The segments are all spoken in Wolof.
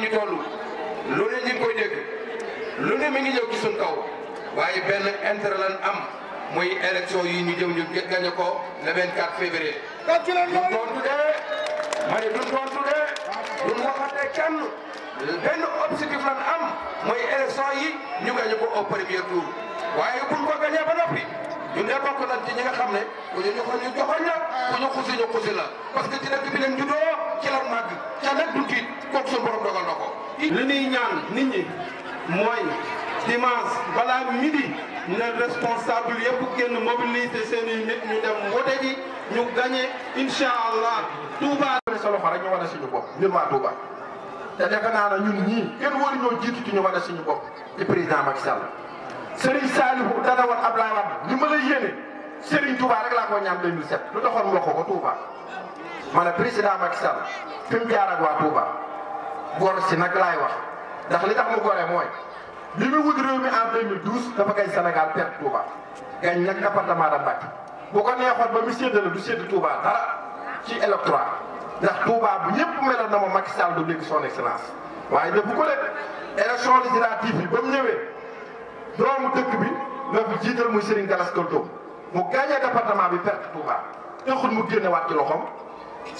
ñu toll lu ne ñu ngi koy dégg lu ne mi ngi ñëw ci suñ kaw waaye benn intérêt lan am muy élection yi ñu jëm ñu gañe ko le 24 février. duñ tontu de ma ne duñ tontu de duñ waxate kenn benn objectif lan am mooy élection yi ñu gañe ko au premier tour waaye buñ ko gañee noppi. ñu ne bokk nañ ñi nga xam ne ku ñu la xusi ñu xusi la parce que ci dëkk bi lañ juddoo ci la màgg ca nag du tiit kooku suñu borom dogal na ko. li ñuy ñaan nit ñi mooy dimanche balaa midi na responsable yëpp génn mobiliser seen i ñu dem wote ji ñu gagné incha allah Touba. sa loxo rek ñu wane suñu bopp ñun waa Touba te defe naa ne ñun ñii kenn waruñoo jiitu ci ñu wane suñu bopp ci président Macky Sall. Serigne Saliou dana woon Abdoulaye Wade li ma la yéene Serigne Touba rek laa ko ñaan 2007 lu taxoon wax ko Touba. ma ne président Macky Sall fi mu jaar waa Touba gor si nag laay wax ndax li tax mu goree mooy li mu wut réew mi en 2012 dafa gañ Sénégal perte Touba. gañ nag département de Mbacké ko neexoon ba mu séddale du sédd Touba dara ci électorat ndax Touba bu ñëpp meloon na ma Macky Sall du dégg son excellence waaye def bu doomu dëkk bi la fi jiital muy Serigne Gallas Kaltoum mu gagné département bi perte Touba taxul mu génnewaat ci loxoom.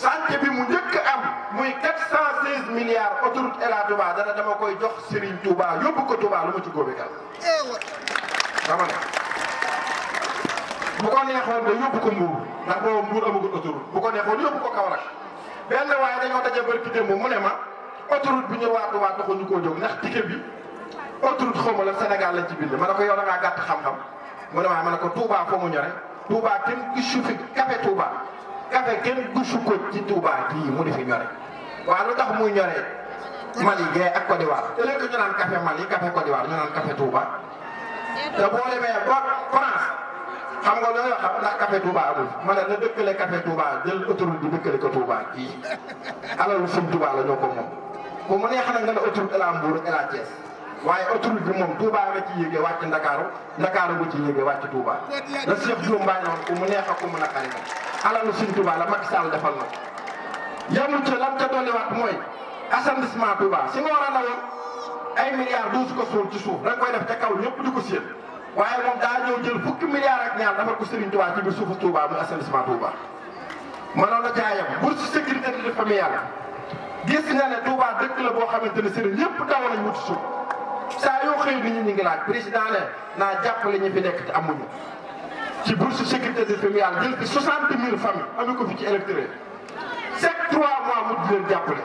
chantier bi mu njëkk am muy 416 milliards autoroute Ila Touba dana dama koy jox Serigne Touba yóbbu ko Touba lu ma ci góobee kan. dama ne bu ko neexoon de yóbbu ko Mbour ndax boobu Mbour amagul autoroute bu ko neexoon yóbbu ko Kaolack benn waaye dañoo daje barki démb mu ne ma autoroute bi ñu waatu waatu ko ñu ko jóg ndax ticket bi. autoroute xawma la Sénégal lañ ci bind ma ne ko yow da ngaa gàtt xam-xam mu ne waaye ma ne ko Touba foo mu ñore Touba kenn gisu fi café Touba café kenn gisu ko ci tuubaa kii mu di fi ñore waaw lu tax muy ñore Mali gee ak Côte d'Ivoire te léegi ñu naan café Mali café Côte d'Ivoire ñu naan café Touba te boo demee ba France xam nga loolu xam ndax café Touba amul ma ne la dëkkale café Touba jël autoroute bi dëkkale ko Touba kii alalu suñ Touba la ñoo waaye autoroute bi moom Touba la ci yéege wàcc Ndakaaru Ndakaaru bu ci yéege wàcc Touba la Cheikh Diouf Mbaye noonu ku mu neex ak ku mu naqari ko alalu suñ Touba na yamul ci lam ca dolliwaat mooy assainissement Touba si nga war a lawoon ay milliards duusu ko suul ci suuf da koy def ca kaw ñëpp di ko séen waaye moom daa ñëw jël fukki milliards ak ñaar defal ko Serigne Touba ci biir suufu Touba muy assainissement Touba mënoon na jaayam bourse sécurité familiale gis nga ne Touba dëkk la boo xamante ne Serigne ñëpp daw nañ wuti saa yoo xëy bi ñu ñu ngi laaj président ne naa jàppale ñu fi nekk ci amuñu ci bourse sécurité familiale jël ci soixante mille familles amee ko fi ci électeur chaque trois mois mu di leen jàppale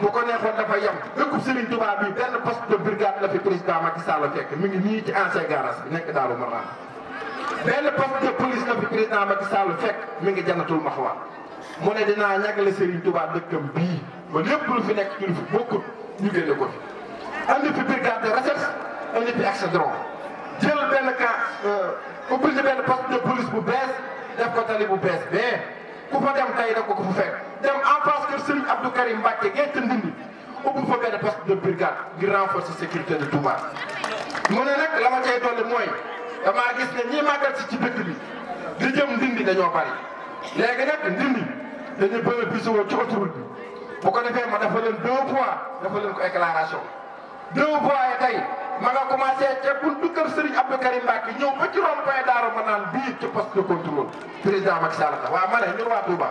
bu ko neexoon dafa yem dëkkub Serigne Touba bi benn poste de brigade la fi président Macky Sall fekk mi ngi nii ci ancien garage bi nekk Daaru Marnaan benn poste de police la fi président Macky Sall fekk mi ngi janatul maxwa mu ne dinaa ñagale Serigne Touba dëkkam bii ba lépp lu fi nekk ci lu fi ko fi andi fi brigade de recherche andi fi accès drone jël benn cas euh, ubbil ci benn poste de police bu bees def ko tali bu bees mais ku fa dem tey da ko ko fa fekk. dem en face kër Serigne Abdou Karim Mbacke géej ca Ndindi ubbi fa benn poste de brigade ngir renforcer sécurité de Touba. mu ne nag la ma cay dolli mooy damaa gis ne ñi màggal si ci dëkk bi di jëm Ndindi dañoo bari léegi nag Ndindi dañu bëri bisu ci autoroute bi bu ko defee ma dafa leen deux fois dafa ko éclairage. deux voies yi tey ma nga commencé ca buntu kër Serigne Abdou Karim Mbacke ñëw ba ci rond point Darou ma naan bii ci poste de contrôle président Macky Sall la waaw ma ne ñun waa Touba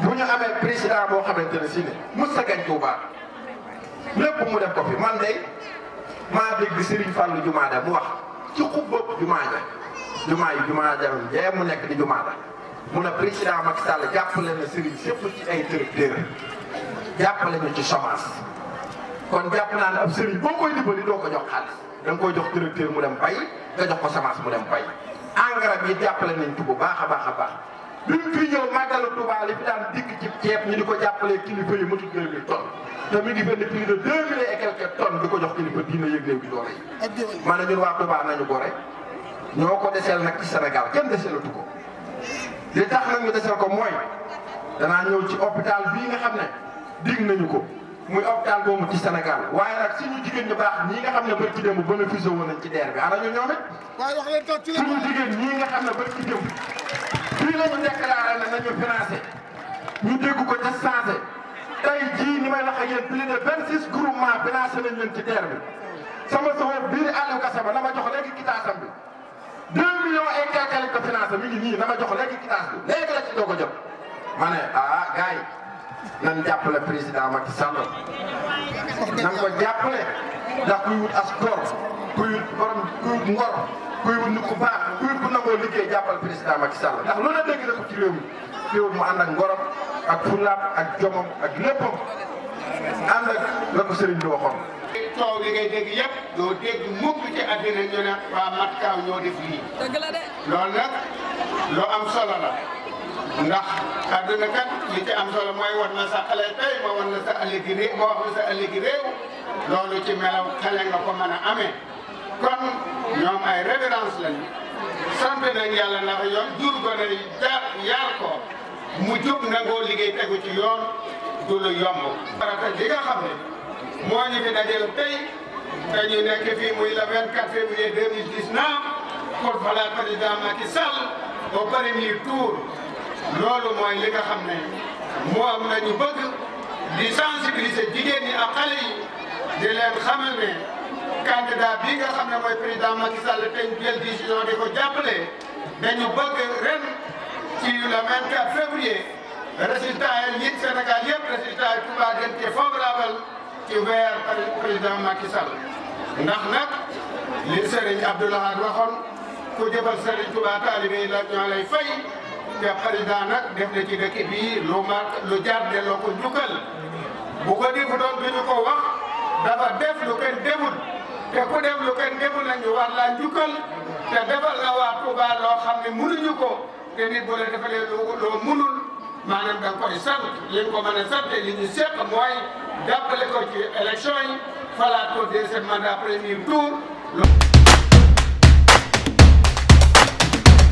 bu ñu amee président boo xamante ne si ne Moussa Gagne lépp mu def ko fi man day maa dégg Serigne Fallou Jumaada mu wax ci xubboog Jumaada jumaa yi Jumaada jee mu nekk ni jumaa la mu ne président Macky Sall jàppale na Serigne sépp ci ay directeurs jàppale lañu ci chômage. kon jàpp naa ne ab sëriñ boo koy dimbali doo ko jox xaalis da nga koy jox directeur mu dem bay nga ko semence mu dem bay engrais bi jàppale nañ ci bu baax a baax a baax bi mu fi ñëw màggalu Tuubaa li fi daan dikk ci ceeb ñu di ko jàppalee kilifa yi matul deux mille tonnes te mi ngi benn prix de deux mille et quelques tonnes di ko jox kilifa diina yëg néew gi doole yi ma ne ñun waa Tuubaa nañu gore ñoo ko deseel nag ci Sénégal kenn deselatu ko li tax nag ñu deseel ko mooy danaa ñëw nga xam ne dig nañu ko muy hôpital boobu ci Sénégal waaye nag suñu jigéen ñu baax ñii nga xam ne bërki démb bénéficié woon nañ ci DER bi ana ñu ñoom it. waaye nga xam ne bërki démb fii la ñu déclaré ne nañu financé ñu dégg ko ca changé tey jii ni may wax ak yéen plus de groupement financé nañ leen ci DER bi sama soxor biir Aliou Kassama na ma jox léegi kitaasam bi 2 millions et quelques lañ ko financé mi ngi nii na ma jox léegi kitaas bi léegi la ci doog a jot ma ne ah gars yi nan jàppale président Macky Sall nan ko jàppale ndax kuy wut as kuy wut borom kuy wut ngor kuy wut nit ku baax kuy wut ku liggéey jàppal président Macky Sall ndax lu ne dégg na ko ci réew mi réew mu ànd ak ngorom ak fulaam ak jomam ak léppam ànd ak la ko sëriñ bi waxoon. coow li dégg yëpp doo dégg mukk ci àddina ñu ne waa Matkaaw ñoo def lii. dëgg la de. am solo la. ndax àdduna kat li ci am solo war na sa xale tey ma war na sa ëllëg réew ma wax na sa ëllëg réew loolu ci melaw xale nga ko mën a amee kon ñoom ay référence lañu sant nañ yàlla ndax yoon jur gone jaar yaar ko mu jub nangoo liggéey tegu ci yoon du lu yomb farata li nga xam ne moo na fi dajale tey dañu nekk fii muy le 24 février 2019 pour balaa président Macky boo au premier tour loolu mooy li nga xam ne moom la ñu bëgg di sensibiliser jigéen ñi ak xale yi di leen xamal ne candidat bi nga xam ne mooy président Macky Sall te ñu jël décision di ko jàppale dañu bëgg ren ci le 24 février résultat yi ñit Sénégal yëpp résultat yi Touba gën cee favorable ci weer président Macky ndax nag li Serigne Abdoulaye waxoon ku jëbal Serigne Touba taalibe la ñoo lay fay. ca président nag def na ci dëkk bi lu mar lu jaar delloo ko njukkal bu ko defu doon duñu ko wax dafa def lu kenn deful te ku def lu kenn deful nañu war la njukkal te defal na waa Touba loo xam ne mënuñu ko te nit bu la defalee loo mënul maanaam da nga koy sant li ko mën a sant li ñu seq mooy jàppale ko ci élection yi falaat ko deuxième mandat premier tour.